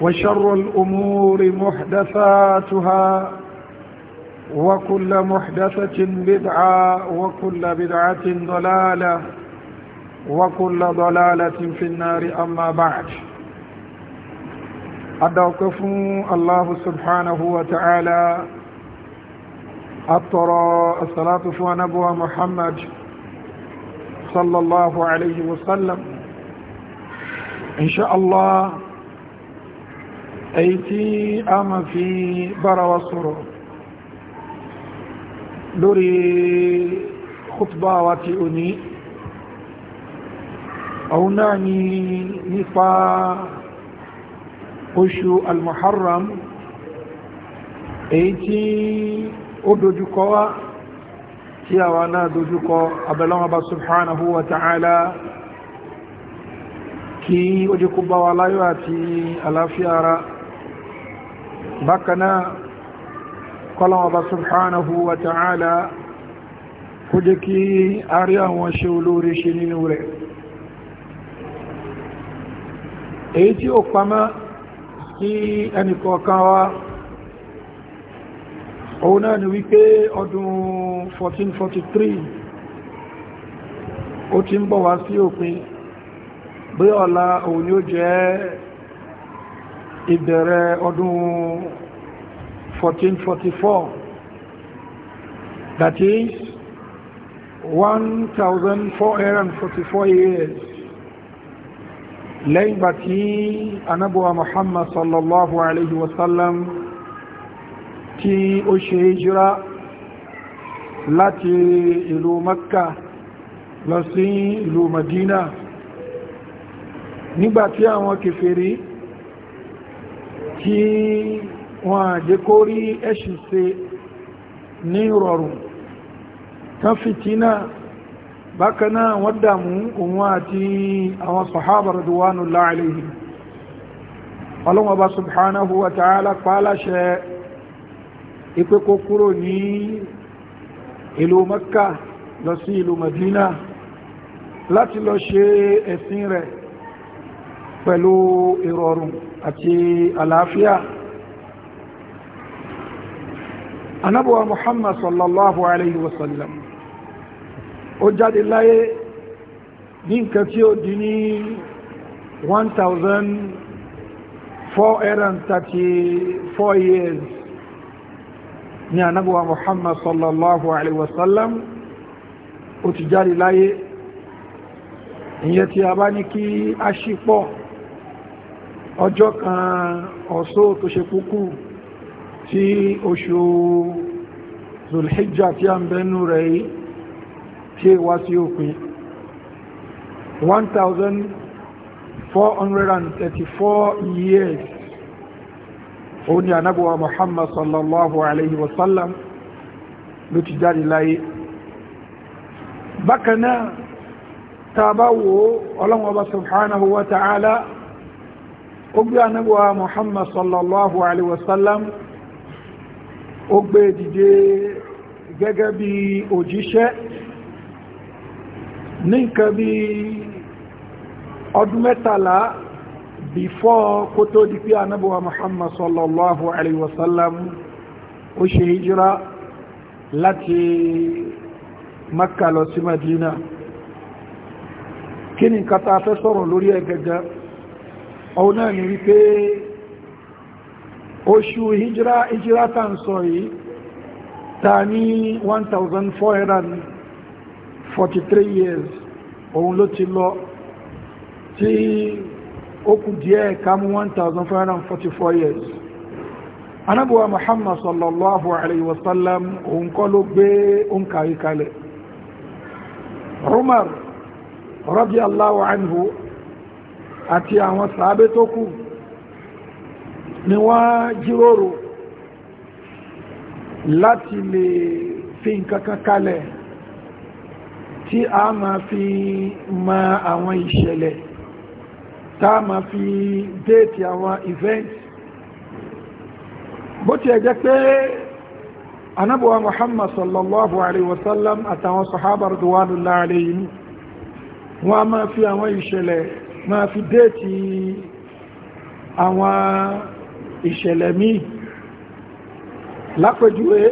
وشر الأمور محدثاتها وكل محدثة بدعة وكل بدعة ضلالة وكل ضلالة في النار أما بعد أدوكف الله سبحانه وتعالى أطرى الصلاة فنبوى محمد صلى الله عليه وسلم إن شاء الله èyí tí a máa fi bára wa sọ̀rọ̀ lórí khutba wa ti òní òun náà ni nípa oṣù al-muharram èyí tí ó dojúkọ wá tí àwa náà dojúkọ abẹ́lọ́wọ́ subhanahu wa ta'ala kí ó jẹ́ kó wa láyọ̀ àti àlàáfíà ara bákanáà kọ́lọ̀wọ̀bá subhanahu wa ta'ala kó jẹ́ kí a rí àwọn ṣe olóore ṣe nínú rẹ̀ èyí tí ó pamá sí ẹnìkọ̀ọ̀kan wa òun náà ni wípé ọdún 1443 ó ti ń bọ̀ wá sí òpin bí ọ̀la òun ni jẹ́ ìbẹ̀rẹ̀ ọdún 1444 that is 1444 years lẹ́yìn bá tí anábọ̀wà Muhammad sallallahu alaihi wasallam tí ó ṣe hijira láti ìlú Makka lọ sí ìlú Madina nígbàtí àwọn kèfèrí tí wọ́n àjẹ́kó rí ẹ̀ṣìn ṣe ní rọrùn tán fìtínà bákaná wọ́n dàmú òun àti àwọn sàhábà radwanullahi alayhim ọlọ́wọ́ bá subhanahu wa ta'ala pàálàṣẹ ìpékó kúrò ní ìlú Makka lọ sí ìlú Madina láti lọ ṣe ẹ̀sìn rẹ̀ pẹ̀lú ìrọ̀rùn àti àlàáfíà anábọ̀wà muhammad sallallahu alayhi wa sallam ó jáde láyé ní nǹkan tí ó di ní 1434 years ni anábọ̀wà muhammad sallallahu alayhi wa sallam ó ti jáde láyé ìyẹn tí a bá ní kí a ṣípọ̀ ọjọ́ kan ọ̀sọ́ tó ṣe kúkú tí oṣù zulhijjá tí a ń bẹnu rẹ̀ yìí tí wá sí òpin 1434 years òun ni anábọ̀wà muhammad sallallahu alayhi wasallam ló ti jáde láyé bákanáà tàbáwò ọlọ́wọ́ bá subhanahu wa ó gbé anábọ̀wá muhammad sallallahu alaihi wasallam ó gbé dìde gẹ́gẹ́ bí òjíṣẹ́ ní nǹkan bí ọdún mẹ́tàlá bífọ́ kó tó di pé anábọ̀wá muhammad sallallahu alaihi wasallam ó ṣe hijira láti makka lọ sí madina kí ni nǹkan ta fẹ́ sọ̀rọ̀ lórí ẹgẹgẹ́ ọ̀hún náà ni wípé oṣù hijira hijira tá ń sọ yìí ta ní 1443 years òun ló ti lọ tí ó kù díẹ̀ ká mú 1444 years anábúwa muhammad sallallahu alayhi wasallam òun kọ́ ló gbé òǹkà yìí kalẹ̀ umar radiyallahu anhu àti àwọn sàábé tó kù ni wọ́n jíròrò láti lè fi nǹkankan kalẹ̀ tí a máa fi mọ àwọn ìṣẹ̀lẹ̀ tá a máa fi déètì àwọn event bó ti ẹ̀ pé anábọ̀wà Muhammad sallallahu alaihi wasallam àtàwọn sahaba radwanullahi alaihim wọ́n a máa fi àwọn ìṣẹ̀lẹ̀ máa fi déètì àwọn ìṣẹ̀lẹ̀ míì lápẹjúwé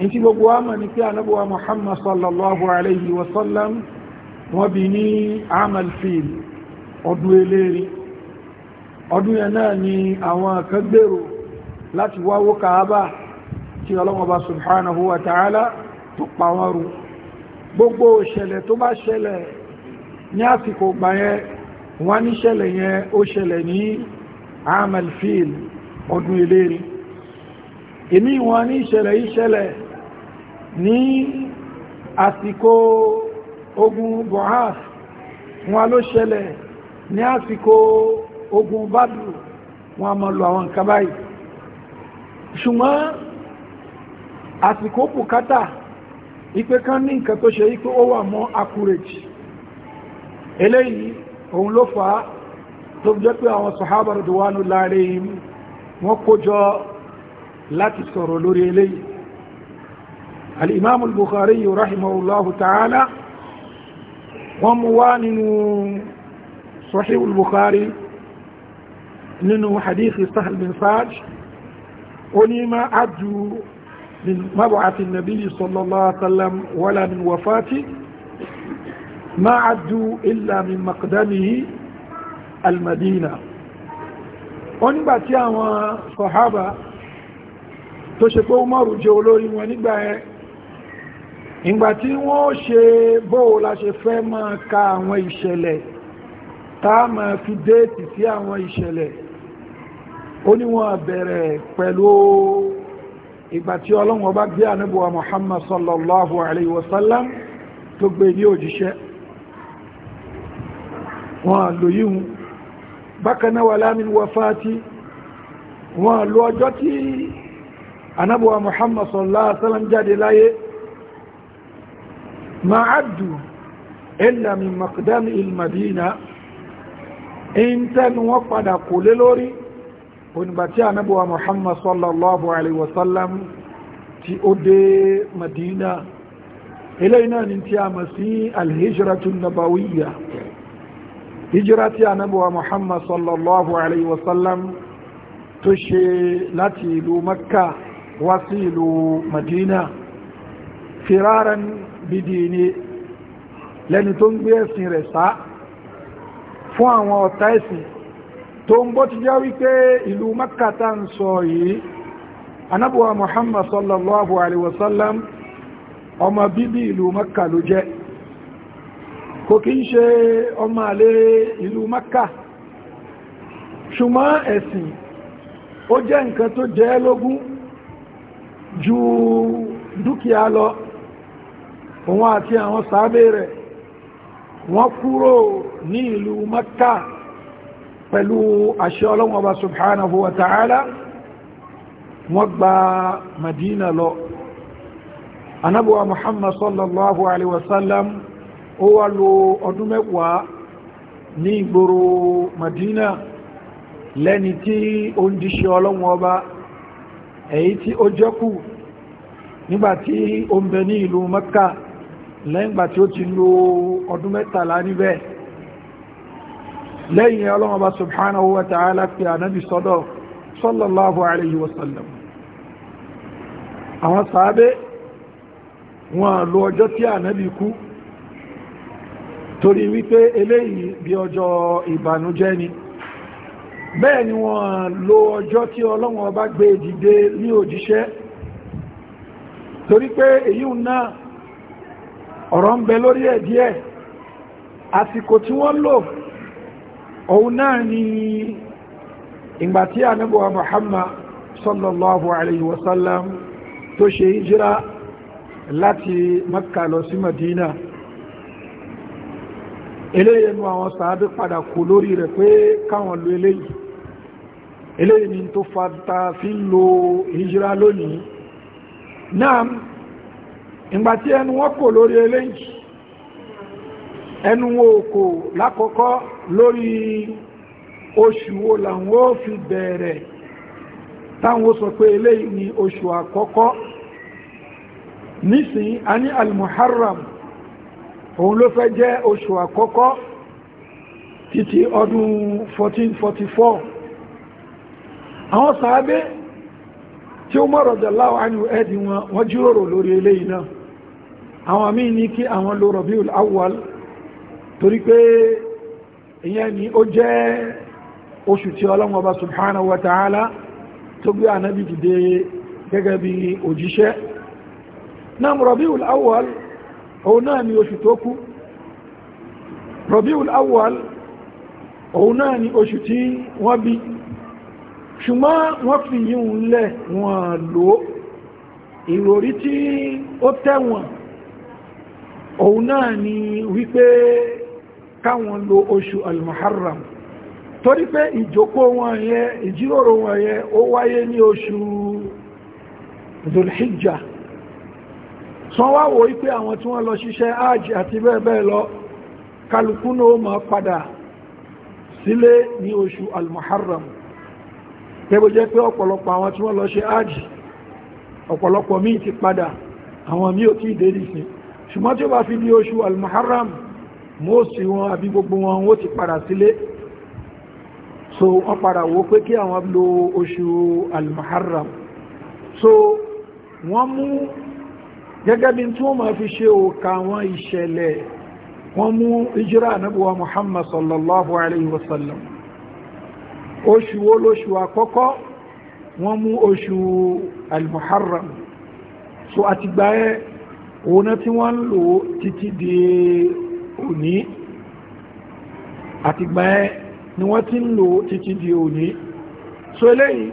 in ti gbogbo wa mọ̀ ní pé anábọ̀wà Muhammad sallallahu alayhi wa sallam wọ́n bí ní amal fil ọdún eléri ọdún yẹn náà ni àwọn kan gbèrò láti wáwó Kaaba tí ọlọ́wọ́ subhanahu wa ta'ala tó pàwọ́rù gbogbo ìṣẹ̀lẹ̀ tó bá ṣẹlẹ̀ ní àsìkò gbà yẹn wọ́n ní ṣẹlẹ̀ yẹn ó ṣẹlẹ̀ ní amalfil ọdún ìlérí èmi wọ́n ní ìṣẹ̀lẹ̀ ìṣẹ̀lẹ̀ ní àsìkò ogun bohas wọ́n ló ṣẹlẹ̀ ní àsìkò ogun badu wọ́n mọ́ lọ àwọn nǹkan ṣùgbọ́n àsìkò bùkátà ipé ní nǹkan tó ṣe ipé ó wà mọ́ accurate eléyìí òun ló fà á tó jẹ́ pé àwọn sàhábà rẹ̀dùwánú láàrin wọ́n kójọ láti sọ̀rọ̀ lórí eléyìí al-imam al-bukhari rahimahullahu ta'ala wọ́n mú wá nínú sahih al-bukhari nínú hadithi sahal bin saj onímọ̀ adjú min mab'ath an sallallahu alaihi wasallam wala min wafati ما عدوا إلا من مقدمه المدينة wọ́n nígbà tí àwọn sọ̀hábà tó ṣe pé Umaru jẹ́ olórí wọn nígbà ẹ̀ ìgbà tí wọ́n ṣe bóò la ṣe fẹ́ máa ka àwọn ìṣẹ̀lẹ̀ tá máa fi déètì sí àwọn ìṣẹ̀lẹ̀ ó ní pẹ̀lú ìgbà tí bá gbé ànábì wa sallallahu alaihi wasallam tó gbé ní òjíṣẹ́ wọn lò yíhun bákaná wà láàmì wafáti wọn lò ọjọ́ tí anábọ̀wà muhammad sallallahu alaihi wasallam jáde láyé ma addu illa min maqdami ilmadina in tẹnu wọn padà kò lé lórí onígbàtí anábọ̀wà muhammad sallallahu alaihi wasallam tí ó dé madina eléyìí náà ni tí a mọ̀ alhijratun nabawiyya hijira tí ànábì wa muhammad sallallahu alayhi wa sallam tó ṣe láti ìlú makka wá sí ìlú madina firaran bidini lẹni tó ń gbé ẹ̀sìn rẹ̀ sá fún àwọn ọ̀tá ẹ̀sìn tó ń bọ́ ti jẹ́ wípé ìlú makka tá ń sọ yìí ànábì muhammad sallallahu alayhi wa ọmọ bíbí ìlú makka ló jẹ́ kò kí ń ṣe ọmọ àlè ìlú Maka ṣùgbọ́n ẹ̀sìn ó jẹ́ nǹkan tó jẹ́ lógún ju dúkìá lọ òun àti àwọn sàábé rẹ̀ wọ́n kúrò ní ìlú Maka pẹ̀lú àṣẹ Ọlọ́hun Ọba subhanahu wa ta'ala wọ́n gba Madina lọ anábúwa Muhammad sallallahu alaihi wasallam ó wá lo ọdún mẹ́wàá ní ìgboro Madina lẹ́ni tí ó ń díṣẹ́ ọlọ́wọ́n ọba èyí tí ó jẹ́kù nígbàtí ó ń bẹ ní ìlú Mẹ́kà lẹ́yìngbà tí ó ti lo ọdún mẹ́tàlá níbẹ̀ lẹ́yìn ọlọ́wọ́n subhanahu wa ta'ala fi ànábì sọ́dọ̀ sallallahu alayhi wa sallam àwọn sàábé wọn lo ọjọ́ tí ànábì kú torí wípé eléyìí bí ọjọ́ ìbànújẹ́ ni bẹ́ẹ̀ ni wọ́n lo ọjọ́ tí ọlọ́wọ́n ọba gbé dìde ní òjíṣẹ́ torí pé èyí náà ọ̀rọ̀ ń bẹ lórí ẹ̀ díẹ̀ àsìkò tí wọ́n lò òun náà ni ìgbà tí ànábọ̀wà Muhammad sallallahu alayhi wa sallam tó ṣe hijira láti Makka lọ sí Madina. Si eléyìí nu àwọn sàábé padà kò lórí rẹ̀ pé káwọn lo eléyìí eléyìí ni tó fata fi lo hijira lónìí náà ìgbà tí ẹnu wọn kò lórí eléyìí ẹnu wọn ò kò lákọ̀ọ́kọ́ lórí oṣù wo làwọn ó fi bẹ̀rẹ̀ táwọn sọ pé eléyìí ni oṣù àkọ́kọ́ nísìnyí a ní al òun ló fẹ́ jẹ́ oṣù àkọ́kọ́ títí ọdún 1444 àwọn sàábé tí ó mọ̀rọ̀ jàláwà ánìyàn ẹ̀dì wọn wọ́n jíròrò lórí eléyìí náà àwọn míì ní kí àwọn lo Rabiul Awwal torí pé ìyẹn ni ó jẹ́ oṣù tí Ọlọ́hun subhanahu wa ta'ala tó gbé ànábì dìde gẹ́gẹ́ bí òjíṣẹ́ náà Rabiul Awwal òun náà ni oṣù tó kú Rabiul Awwal òun náà ni oṣù tí wọ́n bí ṣùgbọ́n wọ́n fi yíò lẹ̀ wọ́n lò ìròrí tí ó tẹ̀wọ̀n òun náà ni wípé káwọn lo oṣù al-Muharram torí pé ìjókòó wọn yẹ ìjíròrò wọn yẹ ó wáyé ní oṣù Dhul sọ wá wò wípé àwọn tí wọ́n lọ ṣiṣẹ́ áàjì àti bẹ́ẹ̀ bẹ́ẹ̀ lọ kálukú náà máa padà sílé ní oṣù al-muharram tẹ́bò jẹ́ pé ọ̀pọ̀lọpọ̀ àwọn tí wọ́n lọ ṣe áàjì ọ̀pọ̀lọpọ̀ míì ti padà àwọn míì ò tí ìdé nìsín ṣùgbọ́n tí ó bá fi di oṣù al-muharram mọ́ọ̀sí wọn àbí gbogbo wọn ó ti padà sílé so wọ́n padà wó pé kí àwọn lo oṣù al-muharram so wọ́n mú gẹ́gẹ́ bí tí wọ́n máa fi ṣe òkà àwọn ìṣẹ̀lẹ̀ wọ́n mú ìjírà ànábùwà muhammad sallallahu alayhi wa sallam oṣù wo lóṣù àkọ́kọ́ wọ́n mú oṣù al-muharram so àti gbà ẹ́ òun náà tí wọ́n ń lò títí di òní àti gbà ni wọ́n ti ń lò títí di òní so eléyìí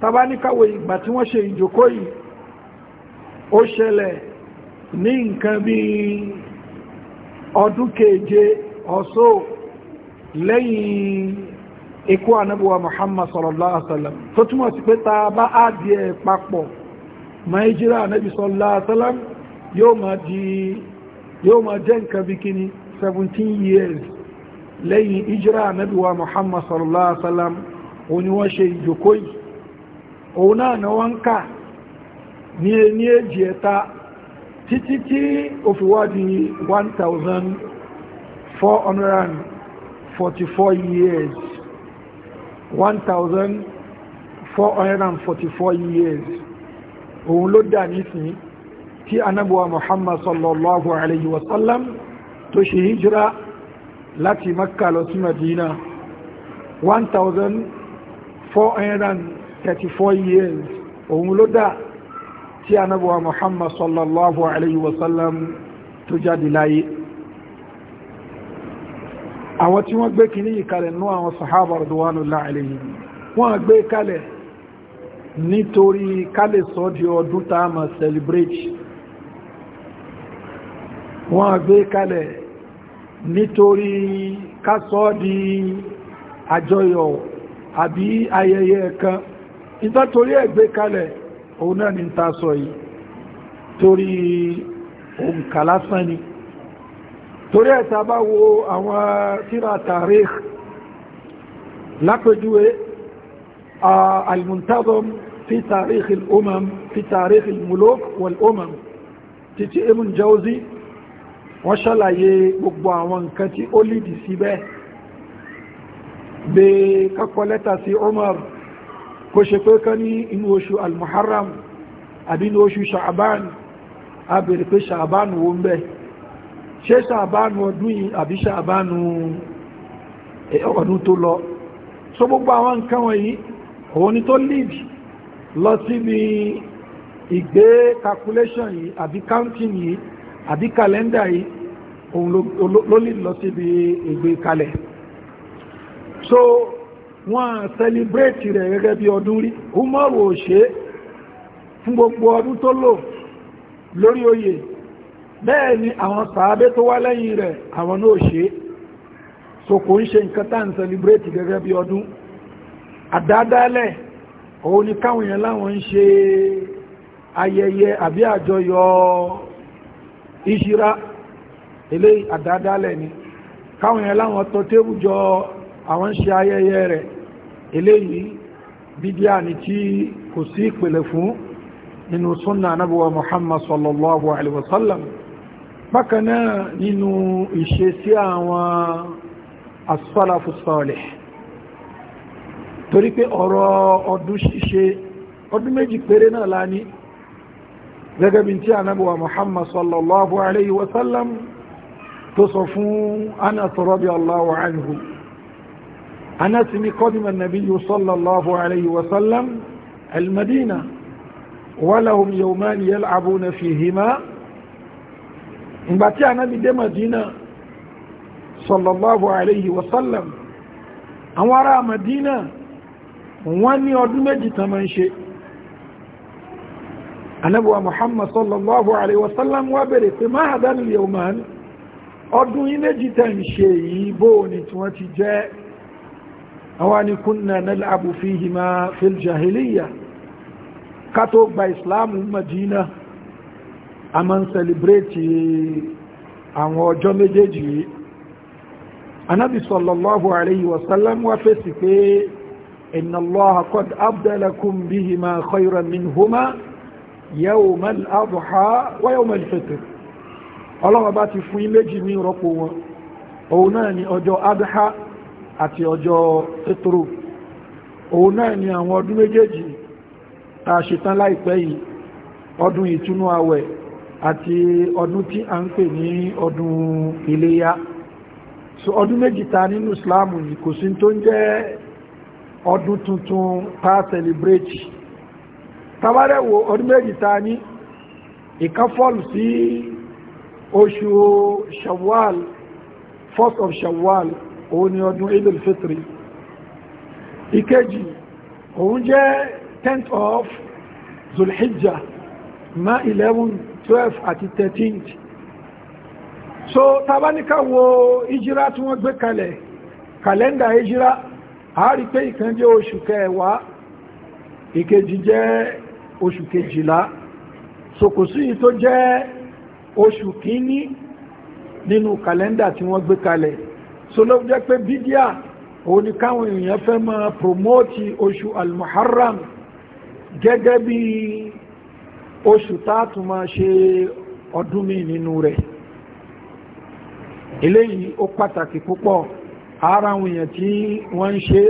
tabaníkàwé ìgbà tí wọ́n ṣe ìjókòó yìí ó ṣẹlẹ̀ ní nǹkan bí ọdún keje ọ̀sọ́ lẹ́yìn ikú anábúwa Muhammad sallallahu alaihi wasallam tó túnmọ̀ sí pé ta bá ádìẹ papọ̀ ma ìjírà anábí sallallahu alaihi wasallam yóò ma jẹ́ nǹkan bí kíní 17 years lẹ́yìn ìjírà anábíwa Muhammad sallallahu alaihi wasallam òní wọ́n ṣe ìjòkó yìí òun náà na wọ́n kà ní ní èjì ẹ̀ta títí tí ó fi wá di 1444 years 1444 years òun ló dà nísìn tí anábuwa muhammad sallallahu alayhi wasallam tó ṣe hijira láti makka lọ sí madina 1434 years òun ló dà tí anábọ̀wá muhammad sallallahu alayhi wa sallam tó jáde láyé àwọn tí wọ́n gbé kìíní ìkalẹ̀ ní àwọn sahaba radwanullahi alayhim wọ́n gbé kalẹ̀ nítorí kalẹ̀ sọ di ọdún tá a máa celebrate wọ́n gbé kalẹ̀ nítorí kásọ́ di àjọyọ̀ àbí ayẹyẹ kan nítorí ẹgbẹ́ kalẹ̀ òun náà ni ta sọ yìí torí òǹkà lásán ni torí ẹ̀ta bá wo àwọn tírà tarikh lápẹjúwe al-muntazam fi tarikh al-umam fi tarikh al-muluk wal-umam títí Ibn Jawzi wọ́n ṣàlàyé gbogbo àwọn nǹkan tí ó lìdí síbẹ̀ bẹ́ẹ̀ kápọ̀ lẹ́tà sí Umar kó ṣe pé kán ní inú oṣù al-muharram àbí inú oṣù sha'aban a bèèrè pé sha'aban wo ń bẹ ṣe sha'aban ọdún yìí àbí sha'aban ọdún tó lọ so gbogbo àwọn nǹkan wọ̀nyí òun ni tó lead lọ síbi ìgbé calculation yìí àbí counting yìí àbí calendar yìí òun ló lead lọ síbi ìgbé kalẹ̀ so wọ́n sẹlibrétì rẹ̀ gẹ́gẹ́ bí ọdún rí umaru ò ṣe fún gbogbo ọdún tó lò lórí oyè bẹ́ẹ̀ ni àwọn sàábé tó wá lẹ́yìn rẹ̀ àwọn náà ṣe so kò ń ṣe nǹkan tá celebrate gẹ́gẹ́ bí ọdún àdádálẹ̀ òun ni káwọn èèyàn láwọn ń ṣe ayẹyẹ àbí àjọyọ̀ ni káwọn èèyàn láwọn tọ́ tébù àwọn ń ṣe ayẹyẹ rẹ̀ eléyìí bídíà ni tí kò sí ìpìlẹ̀ fún nínú súnà anábíwá muhammad sallallahu alaihi wasallam bákan náà nínú ìṣe sí àwọn as-salafu salih torí pé ọ̀rọ̀ ọdún ṣíṣe ọdún méjì péré náà la gẹ́gẹ́ bí tí anábíwá muhammad sallallahu alaihi wasallam tó sọ fún anas radiyallahu anhu anasini kọ́dìmọ̀ nàbíyù sallallahu alayhi wa sallam almadina walahum yawman yal'abuna fihima ìgbà tí anabi dé madina sallallahu alayhi wa sallam àwọn ará madina wọ́n ní ọdún méjì tán máa ń ṣe anabuwa muhammad sallallahu alayhi wa sallam wá bèèrè pé ma hadan al yawman ọdún yìí méjì tán ṣe yìí ni tí wọ́n ti jẹ́ àwọn ni kúnnà nílàbù fíhìmá fíljahiliya ká tó gba islamu madina a ma ń sẹlẹ̀bẹ̀rẹ̀tì àwọn ọjọ́ méjèèjì yìí anábi sallallahu alayhi wasallam wá fèsì pé inna allaha qad abdalakum bihima khayran minhuma yawma al-adha wa yawma al-fitr ọlọ́wọ́ bá ti fún yín méjì ní ìrọ́pò wọn òun ni ọjọ́ adha àti ọjọ́ pétrò òun náà ni àwọn ọdún méjèèjì ta ṣetán láìpẹ́ yìí ọdún ìtúnú àwẹ̀ àti ọdún tí a ń pè ní ọdún iléyá so ọdún méjì ta nínú Islam yìí kò sí tó ń jẹ́ ọdún tuntun ta celebrate tabarẹ́ wo ọdún méjì ta ní ìkáfọ́lù sí oṣù Shawwal 1 of Shawwal òun ni ọdún Eid al-Fitri ìkejì òun jẹ́ 10th of Zulhijjah ma 11 12 àti 13th so tabanika wo ìjírá tí wọ́n gbé kalẹ̀ kàlẹ́ndà ìjírá a rí pé ìkan jẹ́ oṣù kẹwàá ìkejì jẹ́ oṣù kejìlá so kò sí yìí tó jẹ́ oṣù kíní nínú kàlẹ́ndà tí wọ́n gbé kalẹ̀ so ló jẹ́ pé bídíà òun ni káwọn èèyàn fẹ́ máa promote oṣù al-muharram gẹ́gẹ́ bí oṣù táàtù máa ṣe ọdún mi nínú rẹ̀ eléyìí ó pàtàkì púpọ̀ ara àwọn èèyàn tí wọ́n ń ṣe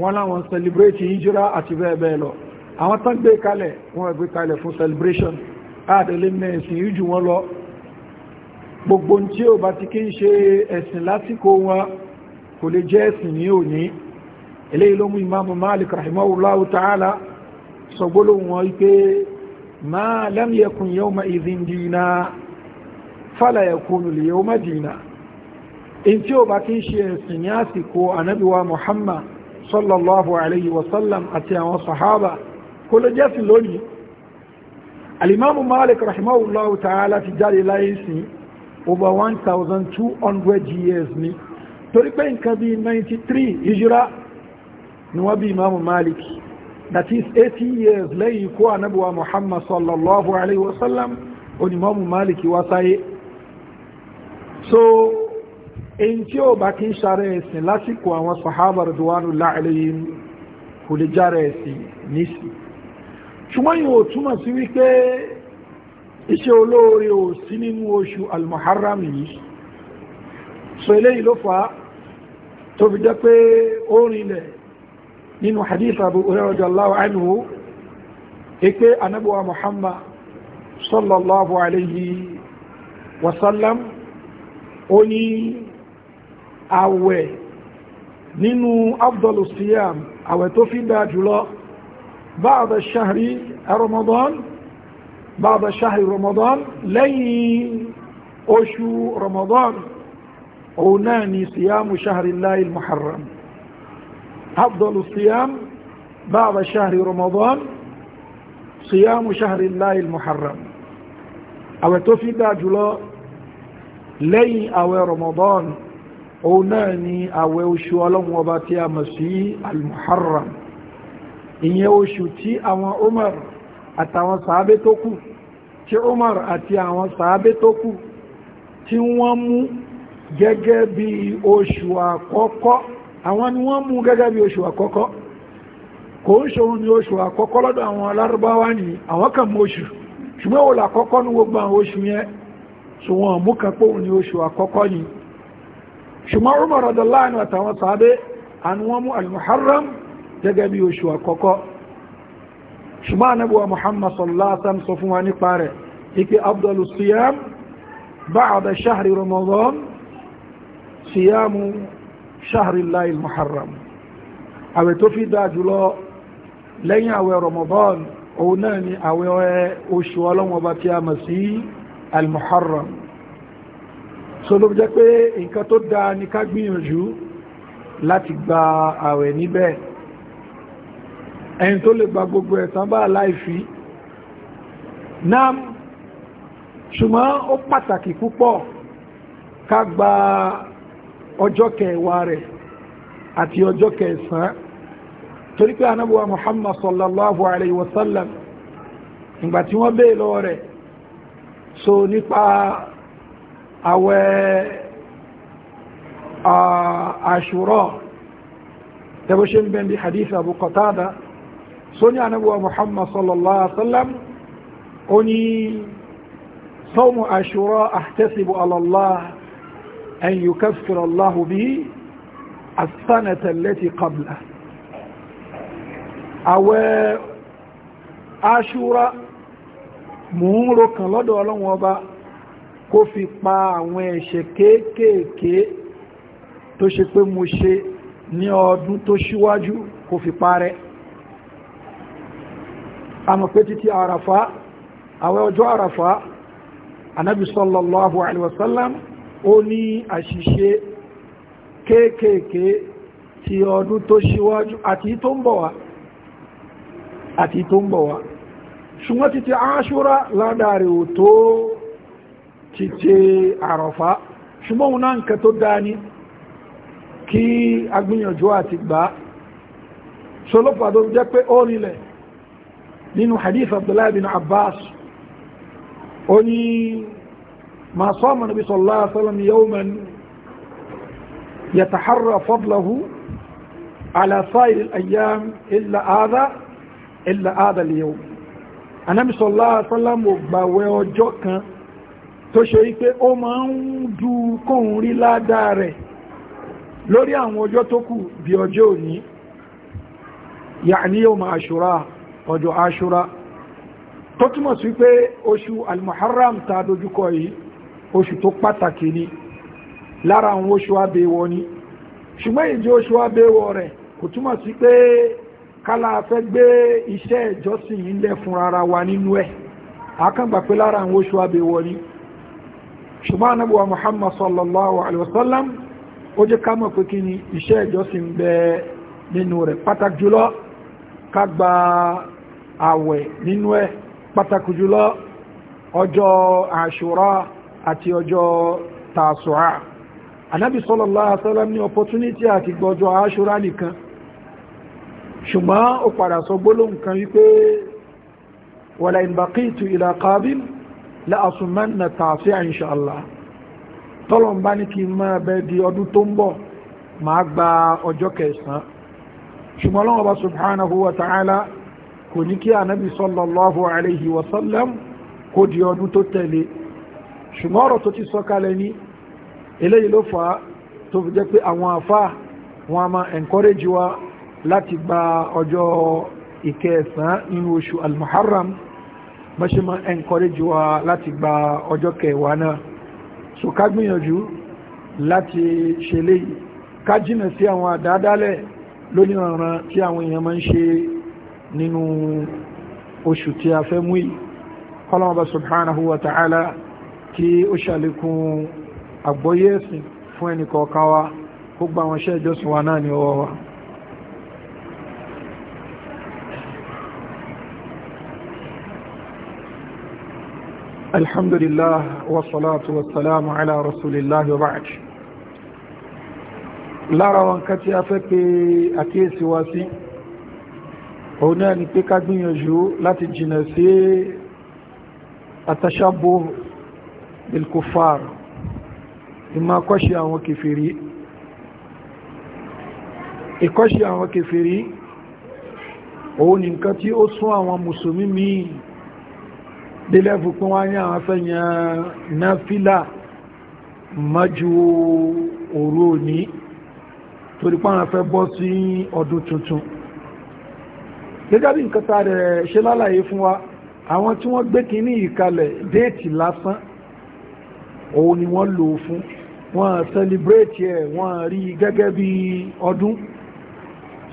wọ́n láwọn celebrate hijira àti bẹ́ẹ̀ bẹ́ẹ̀ lọ àwọn tán gbé kalẹ̀ wọ́n gbé kalẹ̀ fún celebration àdèlé mẹ́sìn yíjú wọn lọ gbogbo tí ó bá ti kí ń ṣe ẹ̀sìn lásìkò wọn kò lè jẹ́ ẹ̀sìn ní òní eléyìí ló mú imamu malik rahimahullahu ta'ala sọgbóló wọn wípé ma lam yakun yawma idhin dina fala yakunu li yawma dina in tí ó bá kí ń ṣe ẹ̀sìn ní àsìkò anabiwa muhammad sallallahu alayhi wa sallam àti àwọn sahaba kò lè jẹ́ lónìí alimamu malik rahimahullahu ta'ala ti jáde láyé sìn over 1200 years ni torí pé nǹkan bí 93 hijira ni wọ́n bí imamu malik that is 80 years lẹ́yìn kó anábíwa muhammad sallallahu alaihi wasallam onímọ̀mù malik wá sáyé so èyí tí ó bá kí ń ṣàrẹ ẹ̀sìn lásìkò àwọn sahaba radwanullahi alaihim kò lè jára ẹ̀sìn nísì ṣùgbọ́n yóò túmọ̀ sí wípé iṣẹ́ olóore ò sí nínú oṣù al-muharram yìí so eléyìí ló fa tó fi jẹ́ pé ó rinlẹ̀ nínú hadith abu radiyallahu anhu ipé anábọ̀wà muhammad sallallahu alayhi wasallam ó ní àwẹ̀ nínú afdalus siyam àwẹ̀ tó fi dá jùlọ ba'da shahri ramadan بعد شهر رمضان لي أشو رمضان أوناني صيام شهر الله المحرم أفضل الصيام بعد شهر رمضان صيام شهر الله المحرم أو تفيد جلاء لي أو رمضان أوناني أو أشو ألم وباتي مسيح المحرم إن يوشو تي أو عمر أتوى صحابة تكون tí Omar àti àwọn sàábé tó kù tí wọ́n mú gẹ́gẹ́ bí oṣù àkọ́kọ́ àwọn ni wọ́n mú gẹ́gẹ́ bí oṣù àkọ́kọ́ kò ń ṣòun ní oṣù àkọ́kọ́ lọ́dọ̀ àwọn alárúbáwá ní àwọn kan mú oṣù ṣùgbọ́n wò ní gbogbo àwọn oṣù yẹn so wọn mú kan pé òun ní oṣù àkọ́kọ́ ni ṣùgbọ́n Umar radallahu anhu àtàwọn sàábé àni wọ́n mú al gẹ́gẹ́ bí oṣù àkọ́kọ́ ṣùgbọ́n anábíwa muhammad sallatan sọ fún wa nípa rẹ̀ ike abdullu siyam ba'da shahri ramadan siyamu shahri lahil muharram àwẹ̀ tó fi dáa jùlọ lẹ́yìn àwẹ̀ ramadan òun náà ni àwẹ̀ oṣù ọlọ́wọ́n bá tí ẹni tó lè gba gbogbo ẹ̀tàn bá aláìfí náà ṣùgbọ́n ó pàtàkì púpọ̀ ká gba ọjọ́ kẹwàá rẹ̀ àti ọjọ́ kẹsàn-án torí pé anábùwà Muhammad sallallahu alayhi wa sallam ìgbà tí wọ́n bèè lọ rẹ̀ so nípa àwẹ̀ àṣùrọ̀ ń hadith Abu Qatada sóní anábíwá muhammad sallallahu alaihi wasallam ó ní sọ́mù àṣúrà àtẹ́sìbò alallah an yukaffir allahu bí as-sanata allati qabla àwẹ̀ àṣúrà mò ń ro kan lọ́dọ̀ ọlọ́run ọba kó fi pa àwọn ẹ̀ṣẹ̀ kéékèèké tó ṣe pé mo ṣe ní ọdún tó ṣíwájú kó fi parẹ́ àmọ̀ pé títí àràfà àwẹ̀ ọjọ́ àràfà anábì sallallahu alaihi wasallam ó ní àṣìṣe kéékèèké ti ọdún tó ṣíwájú àti tó ń bọ̀ wá àti tó ń bọ̀ wá ṣùgbọ́n títí aṣúra ládàrí ò tó títí àràfà ṣùgbọ́n òun náà nǹkan tó dání kí agbìyànjú àti gbà ṣolófà tó jẹ́ pé ó nílẹ̀ nínú hadith abdullahi bin abbas ó ní ma sọ́mọ̀ nabi sallallahu alaihi wasallam yawman yataharra fadlahu ala sa'ir al-ayyam illa adha illa adha al-yawm anabi sallallahu alaihi wasallam ó gbààwẹ̀ ọjọ́ kan tó ṣe wípé ó máa ń du kóhun rí ládàá rẹ̀ lórí àwọn ọjọ́ tó kù bí ọjọ́ òní ya'ni yawm ashura ọjọ́ aṣúra tó túmọ̀ sí pé oṣù almuharram ta dojúkọ yìí oṣù tó pàtàkì ni lára àwọn oṣù abẹ́wọ̀ ni ṣùgbọ́n ìjẹ́ oṣù abẹ́wọ̀ rẹ̀ kò túmọ̀ sí pé kálá fẹ́ gbé iṣẹ́ ìjọsìn yìí lẹ̀ fún ara wa nínú ẹ̀ akàngbà pé lára àwọn oṣù abẹ́wọ̀ ni ṣùgbọ́n anábùwà muhammad sallallahu alaihi wasallam ó jẹ́ ká mọ̀ pé kí ni iṣẹ́ ìjọsìn bẹ nínú rẹ̀ pàtàkì jùlọ ká gba àwẹ̀ nínú ẹ̀ pàtàkì jùlọ ọjọ́ àṣùrà àti ọjọ́ tàṣùrà anábì sallallahu alaihi wasallam ní opportunity àti gbọ́jọ́ àṣùrà nìkan ṣùgbọ́n ó padà sọ gbólóhùn kan wípé wala in baqitu ila qabil la asumanna tàṣíà tọ́lọ̀mbá ní kí n máa di ọdún tó ń bọ̀ máa gba ọjọ́ kẹsàn-án ṣùgbọ́n Ọlọ́hun Ọba subhanahu wa ta'ala kò ní kí ànábì sallallahu alayhi wa sallam kó di ọdún tó tẹ̀lé ṣùgbọ́n ọ̀rọ̀ tó ti sọ kalẹ̀ ní eléyìí ló fà á tó fi jẹ́ pé àwọn àfáà wọn a máa encourage wa láti gba ọjọ́ ìkẹsàn nínú oṣù al-muharram bá ṣe máa encourage wa láti gba ọjọ́ kẹwàá náà so ká gbìyànjú láti ṣe léyìí ká jìnà sí àwọn àdádálẹ̀ lónìí ọ̀ràn tí àwọn èèyàn máa ń ṣe nínú oṣù tí a fẹ́ mú yìí kọ́lọ́mọba subhanahu wa ta'ala kí ó ṣàlékún àgbọ́yé ẹ̀sìn fún ẹnì kọ̀ọ̀kan wa kó gba àwọn iṣẹ́ ìjọsìn wa náà ní ọwọ́ wa الحمد لله والصلاة والسلام على رسول الله وبعد lára wọn kàtí afẹ́ pé àkíyèsí wá sí òun náà ni pé ká gbìyànjú láti jìnà sí àtàṣàbò bilkufar ìmá kọ́ṣe àwọn kèfèrí ìkọ́ṣe àwọn kèfèrí òun ni nǹkan tí ó sún àwọn mùsùlùmí míì délẹ̀ fún wá ní àwọn afẹ́yàn náfílà májú òru òní torípá àwọn afẹ́ bọ́ sí ọdún tuntun gẹ́gẹ́ bí nǹkan ta rẹ̀ ṣe lálàyé fún wa àwọn tí wọ́n gbé kínní ìkalẹ̀ déètì lásán òun ni wọ́n lò fún wọ́n sẹlẹ̀bírẹ́tì ẹ̀ wọ́n rí gẹ́gẹ́ bí ọdún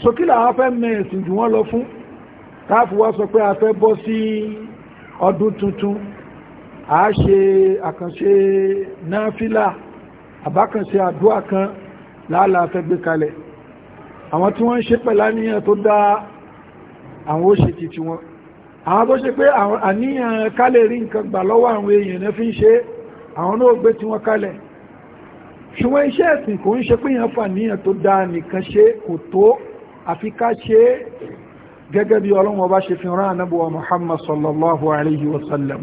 sókílà àwọn fẹ́ mẹ́ẹ̀sìn jù wọ́n lọ fún káàfù wá sọ pé a fẹ́ bọ́ sí ọdún tuntun a ṣe àkànṣe náfílà àbákànṣe àdúrà kan láàlà fẹ́ gbé kalẹ̀ àwọn tí wọ́n ń ṣe pẹ̀lá níyàn tó dáa àwọn ó ṣe titi wọn àwọn tó ṣe pé àníyàn kálẹ̀ rí nǹkan gbà lọ́wọ́ àwọn èèyàn náà fi ń ṣe àwọn náà gbé tí wọ́n kálẹ̀ ṣùgbọ́n iṣẹ́ ẹ̀sìn kò ń ṣe pé èèyàn fàníyàn tó dáa nìkan ṣe kò tó àfi ká ṣe gẹ́gẹ́ bí ọlọ́run ọba ṣe fi rán ànábọ̀wà Muhammad sallallahu alayhi wa sallam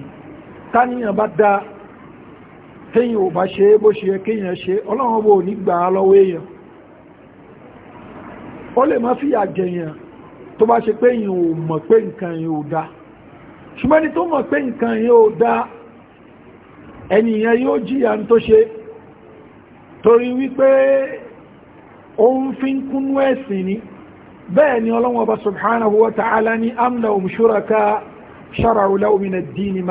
táníyàn bá dáa téyàn ò bá ṣe bó ṣe yẹ kéyàn ṣe ọlọ́run ọba ò ní gbà á lọ́wọ́ èèyàn ó lè má fìyà jẹyàn tó bá ṣe pé yìí ò mọ̀ pé nǹkan yìí ò dá ṣùgbọ́n ni tó mọ̀ pé nǹkan yìí ò dá ẹnìyàn yóò jìyà ń tó ṣe torí wípé ó ń fi ń kúnnú ẹ̀sìn ni bẹ́ẹ̀ ni Ọlọ́hun Ọba subhanahu wa ta'ala ni amna um shuraka shara'u lahu min ad-din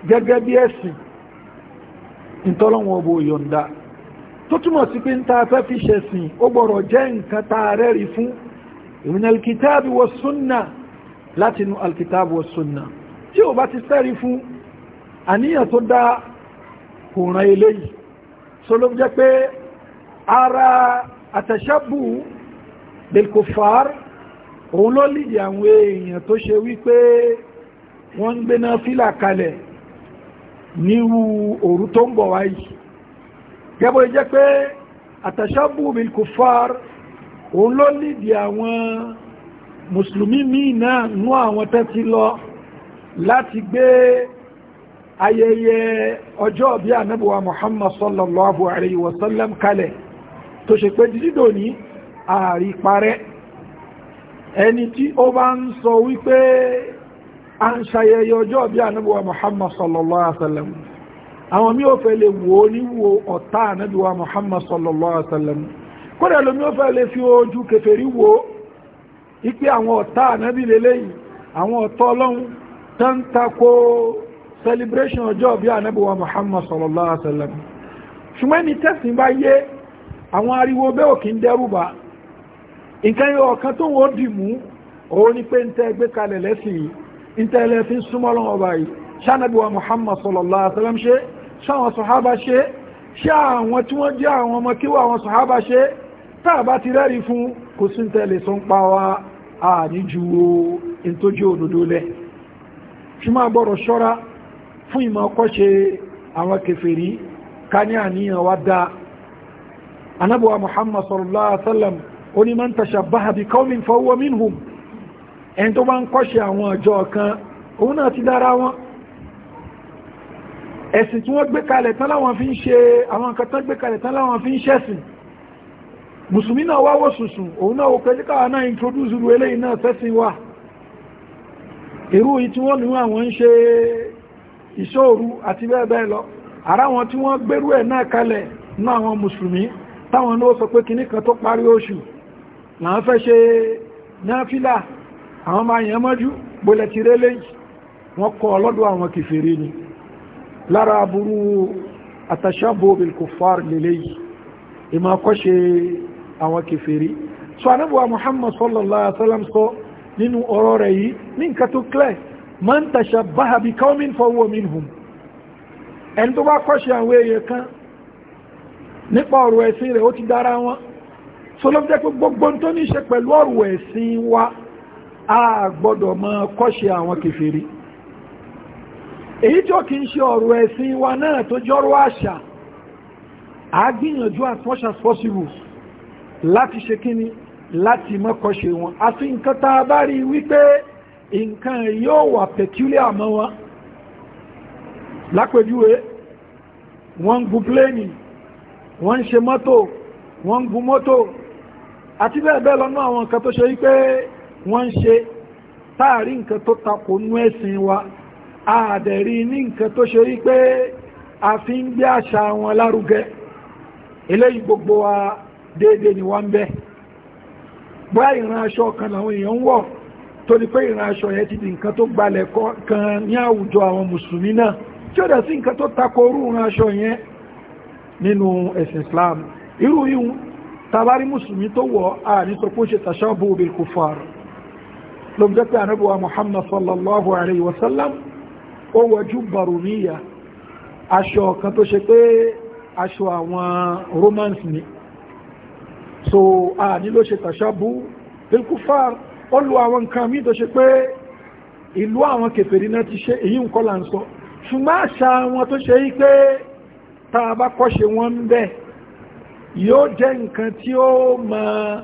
gẹ́gẹ́ bí ẹ̀sìn ìtọ́lọ́wọ́n ọbọ̀ yọ̀ǹda tó túmọ̀ sí pé ń ta afẹ́ fi ṣẹ̀sìn ó gbọ́rọ̀ jẹ́ nǹkan ta rẹ́rìí fún ìrìn alkitaabi wa sunna látinú alkitaabi wa sunna tí ó bá ti sẹ́rí fún àníyàn tó dá kò ràn eléyìí so ló jẹ́ pé ara àtẹ̀ṣẹ́bù belkofar òun ló lìdí àwọn èèyàn tó ṣe wípé wọ́n ń gbéná fílà kalẹ̀ nírú òru tó ń bọ̀ wáyìí gẹ́bọ̀ jẹ́ pé àtàṣàbù bilkufar òun ló lìdí àwọn mùsùlùmí míì náà nú àwọn tẹ́tí lọ láti gbé ayẹyẹ ọjọ́ bí anábùwà muhammad sallallahu alayhi wa sallam kalẹ̀ tó ṣe pé dídò ní ààrí parẹ́ ẹni tí ó bá ń sọ wípé a ń ọjọọ ọjọ́ bí ànábíwá muhammad sallallahu alaihi wasallam àwọn mi ò fẹ́ lè wò ó níwò ọ̀tá ànábíwá muhammad sallallahu alaihi kódà ò fẹ́ lè fi ojú kèfèrí wo ipe àwọn ọ̀tá ànábí lélẹ́yìn àwọn ọ̀tá ọlọ́run tó ń celebration ọjọ́ bí ànábíwá muhammad sallallahu alaihi ariwo bẹ́ẹ̀ ń dẹ́rù bá nǹkan ọ̀kan tó wọ́n dì ìtẹ́lẹ̀ fi ń súnmọ́ lọ́wọ́ báyìí ṣánàbíwa muhammad sallallahu alaihi wasallam ṣe ṣáwọn sọ̀hábà ṣe ṣe àwọn tí wọ́n jẹ́ àwọn ọmọ kíwà àwọn sọ̀hábà ṣe tàbá ti rẹ́rí fún kò sí ìtẹ́lẹ̀ sọ ń pa wá àníjú ìtójú òdòdó lẹ̀ ṣùgbọ́n agbọ́rọ̀ ṣọ́ra fún ìmọ̀ ọkọ́ṣe àwọn kèfèrí ká ní tashabbaha bi qawmin fahuwa minhum ẹni tó bá ń kọ́ṣe àwọn ọjọ́ kan òun náà ti dára wọn ẹ̀sìn tí wọ́n gbé kalẹ̀ tán láwọn fi ń ṣe àwọn nǹkan tán gbé kalẹ̀ tán láwọn fi ń ṣẹ̀sìn mùsùlùmí náà wáwọ́ sùsùn òun náà òkè ní káwọn náà introduce irú eléyìí náà sẹ́sìn wà irú yìí tí wọ́n ní àwọn ń ṣe ìṣòru àti bẹ́ẹ̀ bẹ́ẹ̀ lọ ara wọn tí wọ́n gbérú ẹ̀ náà kalẹ̀ náà àwọn mùsùlùmí táwọn náà sọ pé kinní kan tó parí oṣù làwọn fẹ́ ṣe náà fílà àwọn máa yẹn mọ́jú bólẹ̀ ti rẹ́ lẹ́yìn wọ́n kọ́ ọlọ́dọ̀ àwọn kìfèrè ni lára aburú àtàṣàbò bilkufar lélẹ́yìn ìmọ̀ akọ́ṣe àwọn kìfèrè so anábùwà muhammad sallallahu alaihi wasallam sọ nínú ọ̀rọ̀ rẹ̀ yìí ní nǹkan tó clear minhum ẹni tó bá kọ́ṣe àwọn èèyàn kan nípa ọ̀rọ̀ ẹ̀sìn rẹ̀ ó ti dára wọn so ló jẹ́ pé gbogbo tó ní ṣe pẹ̀lú ọ̀rọ̀ ẹ̀sìn wa a gbọ́dọ̀ mọ́ kọ́ṣe àwọn kèfèrè èyí tí ó ṣe ọ̀rọ̀ ẹ̀sìn wa náà tó jọrọ àṣà a gbìyànjú as much as possible láti ṣe kíni láti mọ́ wọn àfi nǹkan tá bá rí wípé nǹkan yóò wà peculiar mọ́ wọn lápèjúwe wọ́n ń pléènì wọ́n ń ṣe mọ́tò wọ́n ń mọ́tò àti bẹ́ẹ̀ bẹ́ẹ̀ lọ́nà àwọn nǹkan tó ṣe wípé wọ́n ń ṣe táàrí nǹkan tó takò nú ẹ̀sìn wa àdẹ̀rí ní nǹkan tó ṣe rí pé a fi ń gbé àṣà wọn lárugẹ eléyìí gbogbo wa déédéé ni wọ́n ń bẹ́ bá ìran aṣọ kan làwọn èèyàn ń wọ̀ tó ní pé ìran aṣọ yẹn ti di nǹkan tó gbalẹ̀ kan ní àwùjọ àwọn mùsùlùmí náà tí ó dẹ̀ sí nǹkan tó takò orú ìran aṣọ yẹn nínú ẹ̀sìn Islam irú yìí tabari mùsùlùmí tó wọ̀ a ní sọ pé ṣe tàṣà bó kò fọ́ àrùn ló jẹ́ pé ànábíwá muhammad sallallahu alayhi wa sallam ó wọjú barumiya aṣọ kan tó ṣe pé aṣọ àwọn romans ni so a nílò ṣe tàṣàbù bilkufar ó lu àwọn nǹkan míì tó ṣe pé ìlú àwọn kèfèrí náà ti ṣe èyí nǹkan là ń sọ ṣùgbọ́n àṣà wọn tó ṣe yí pé tá a bá kọ́ṣe wọn ń bẹ́ẹ̀ yóò jẹ́ nǹkan tí ó máa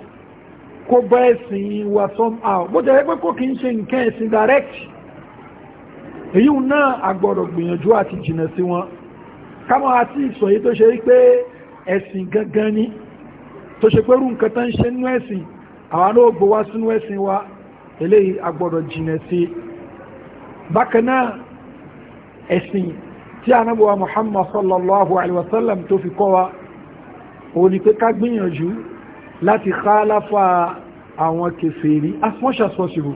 kó bá ẹ̀sìn wa somehow bó jẹ́ pé kò kí ṣe nǹkan ẹ̀sìn direct èyí náà àgbọ̀dọ̀ gbìyànjú àti jìnà sí wọn kámọ́ àti ìsọ̀ yìí tó ṣe rí pé ẹ̀sìn gangan ni tó ṣe pẹ́rù nǹkan tán ṣe nínú ẹ̀sìn àwọn náà gbọ́ wá sínú ẹ̀sìn wa eléyìí àgbọ̀dọ̀ jìnà sí bákan náà ẹ̀sìn tí anábọ̀wá Muhammad sallallahu alaihi wasallam tó fi kọ́ wa òun ni pé ká gbìyànjú láti khalafa àwọn kèfèrí as much as possible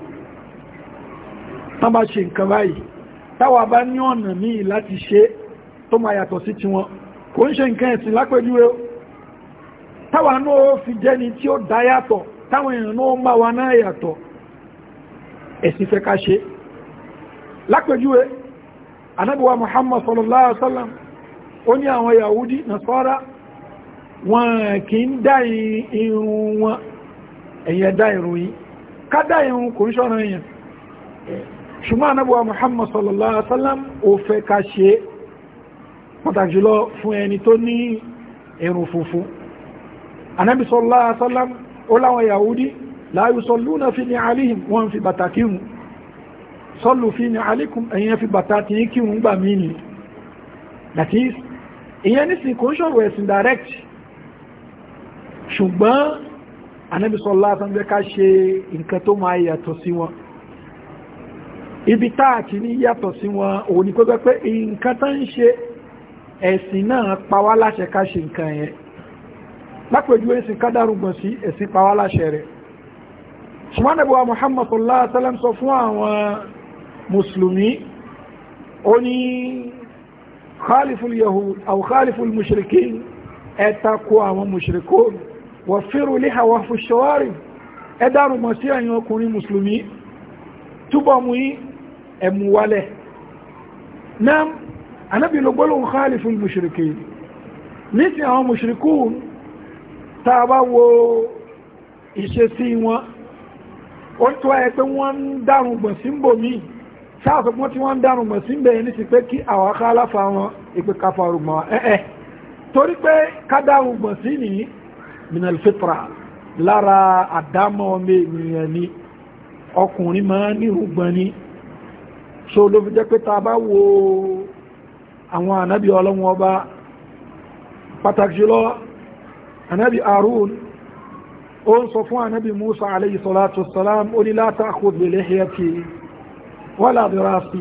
tán bá ṣe nǹkan báyìí táwa bá ní ọ̀nà míì láti ṣe tó máa yàtọ̀ sí tiwọn kò ń ṣe nǹkan ẹ̀sìn lápẹjúwe táwa náà fi jẹ́ni tí ó dá yàtọ̀ táwọn èèyàn náà máa wa náà yàtọ̀ Muhammad sallallahu alaihi wasallam ó ní àwọn Yahudi Nasara wọn kì í dá irun wọn ẹ̀yẹ dá irun yìí ká dá irun kò ń ṣọ́ra èèyàn ṣùgbọ́n anábọ̀wà Muhammad sallallahu alaihi wasallam ó fẹ́ ká ṣe pàtàkì jùlọ fún ẹni tó ní irun funfun anábì sallallahu alaihi wasallam ó láwọn Yahudi la yusalluna fi fi bàtà kírun sallu fi bàtà tí ṣùgbọ́n Ànábì sallallahu alaihi wasallam jẹ́ ká ṣe nǹkan tó máa yàtọ̀ sí wọn ibi táà ti ní yàtọ̀ sí wọn òun ni pẹ́pẹ́ pé nǹkan tó ń ṣe ẹ̀sìn náà pa láṣẹ ká ṣe nǹkan yẹn lápẹjú ẹ̀sìn ká dárúgbọ̀n sí ẹ̀sìn pa láṣẹ rẹ̀ ṣùgbọ́n Muhammad sallallahu alaihi wasallam sọ fún àwọn mùsùlùmí khaliful yahud aw khaliful mushrikin ẹ tako àwọn wọ̀fẹ́rù léhà wọ́n fún ṣọwárì ẹ̀dàrù mọ̀ sí ẹ̀yìn ọkùnrin mùsùlùmí túbọ̀ mú yí ẹ̀mù wálẹ̀ náà anábì ló gbólóhùn káàlì fún mùṣìríkì nísìn àwọn mùṣìríkù tá a bá wo ìṣesí wọn ó tó ẹ pé wọ́n ń dárùn gbọ̀n sí bòmí sáàsọ pọ́n tí wọ́n ń dárùn gbọ̀n sí bẹ̀yẹn ní ti pé kí àwọn akáláfà wọn ìpè káfà rùgbọ̀n ẹ̀ẹ́ torí pé ká dárùn sí nìyí من الفطرة lára àdámọ́ ọmọ ènìyàn ni ọkùnrin máa ní ìrùgbọ̀n ni so ló fi jẹ́ pé ta bá wo àwọn ànábì ọlọ́wọ́n ọba pàtàkì jùlọ ànábì arun ó ń sọ fún ànábì musa alayhi salatu salam ó ní la ta'khudh bi lihyati wala bi rasi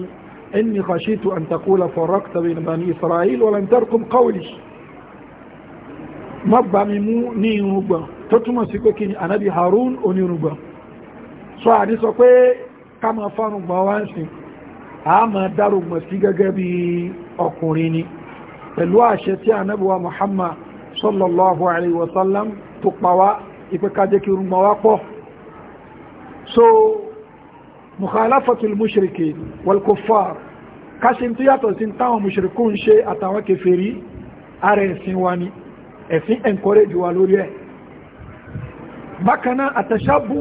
inni khashitu an taqula farraqta bayna bani isra'il wa lam tarqum má bá mi mú ní irùngbọ̀n tó túmọ̀ sí pé kí ni ànábì Harun onírùngbọ̀n so àní sọ pé ká máa fárùngbọ̀n wá ń sìn a máa dárùngbọ̀n sí gẹ́gẹ́ bí ọkùnrin ni pẹ̀lú àṣẹ tí ànábì wa Muhammad sallallahu alaihi wasallam so mukhalafatul mushrikin wal kuffar káṣin tó yàtọ̀ sí táwọn mushrikun ń ṣe àtàwọn ẹ̀sìn encourage wa lórí ẹ̀ bákaná àtẹ̀ṣàbù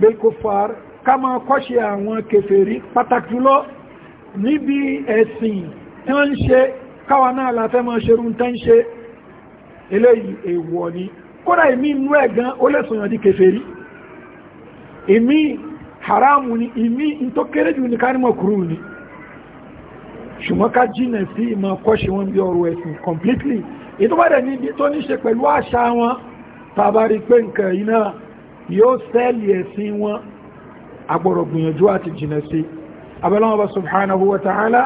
belkofar ká máa kọ́ṣe àwọn kèfèrí pàtàkì jùlọ níbi ẹ̀sìn tí wọ́n ń ṣe káwa náà láfẹ́ máa ṣerú tán ṣe eléyìí èèwọ̀ ni kódà ìmí inú ẹ̀ gan ó lè sọ̀yàn di kèfèrí ìmí haramu ni ìmí tó kéré jù ní kánímọ̀ kúrú ni ṣùgbọ́n ká jìnà sí ìmọ̀ kọ́ṣe wọn bí ọrọ̀ ẹ̀sìn completely ìtọ́bàdẹ̀ níbi tó ní ṣe pẹ̀lú àṣà wọn tàbárí pé nǹkan iná yóò sẹ́ẹ̀lì ẹ̀sìn wọn agbọ̀rọ̀ gbìyànjú àti jìnà sí abẹ́lọ́wọ́ bá subhanahu wa ta'ala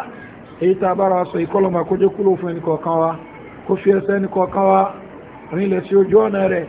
èyí tàbára sọ ìkọlọmà kó fún ẹnìkọ̀ọ̀kan wa kó fi ẹsẹ̀ ẹnìkọ̀ọ̀kan wa rinlẹ̀